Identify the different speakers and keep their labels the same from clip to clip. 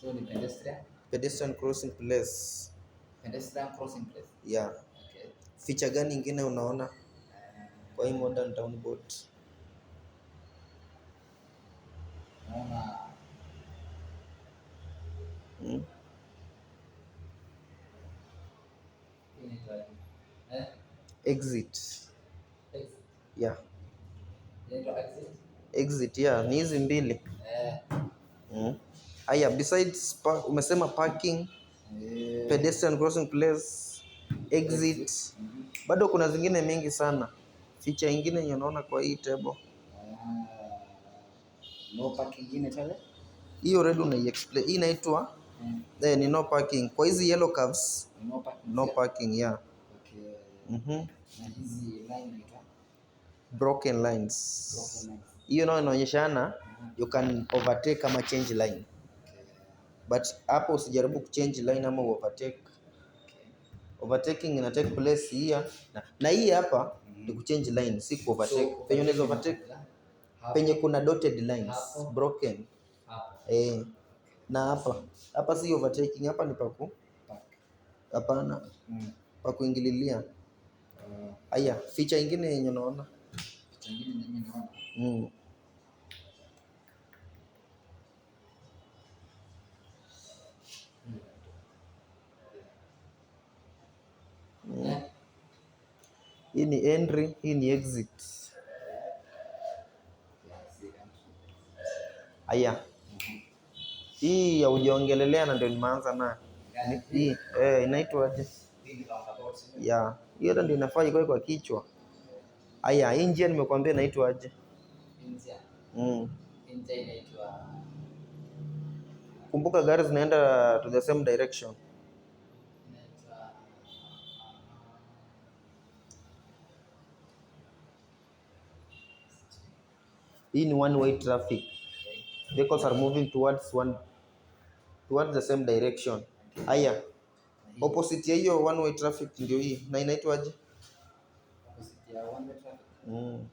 Speaker 1: So ni pedestrian?
Speaker 2: Pedestrian crossing place.
Speaker 1: Pedestrian crossing place.
Speaker 2: Yeah. Okay. Feature gani ingine unaona kwa hii modern town boat? Naona hmm? Eh? Exit. Exit. Yeah. Exit? Exit, yeah. Ni hizi mbili. Eh. Hmm? aya besides pa, umesema parking yeah. pedestrian crossing place exit bado kuna zingine mingi sana. ficha ingine yenye unaona kwa hii table hii already una explain hii inaitwa mm. eh, ni no parking kwa hizi yellow curves no parking, no parking yeah, Okay. Mm -hmm.
Speaker 1: na hizi line
Speaker 2: broken lines Broken lines. hiyo nayo inaonyeshana uh-huh. you can overtake ama change line but hapo usijaribu kuchange line ama overtake. Overtaking ina take place here na, na hii hapa mm ni kuchange line, si ku overtake. So, Penye unaweza overtake penye kuna dotted lines hapo. broken hapo. eh, na hapa hapa si overtaking, hapa ni paku hapana, mm. pa kuingililia. Uh. Haya, uh, feature ingine yenye unaona,
Speaker 1: feature ingine yenye unaona
Speaker 2: mm. Hii ni entry, hii ni exit. Aya, hii ya hujaongelelea na ndio nimeanza na hii eh, inaitwaje? Ya hiyo ndio inafaa ikae kwa kichwa. Aya, hii njia nimekuambia inaitwaje? Mm. Kumbuka gari zinaenda to the same direction. Hii ni one way traffic. Vehicles are moving towards one towards the same direction. Haya, opposite ya hiyo one way traffic ndio hii na inaitwaje? Opposite ya Mm.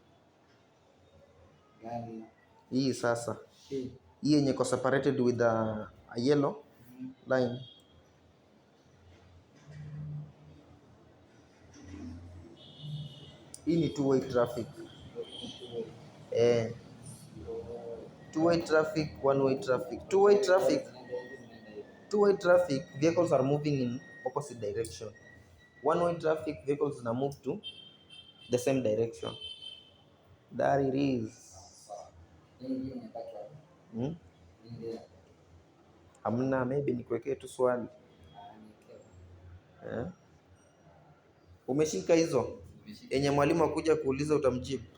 Speaker 2: Hii sasa hii yenye iko separated with a, a yellow line hii ni two way traffic eh two way traffic one way traffic two way traffic two way traffic vehicles are moving in opposite direction one way traffic vehicles na move to the same direction that it is hmm? amna maybe nikuwekee tu swali eh? Umeshika hizo yenye mwalimu akuja kuuliza utamjibu.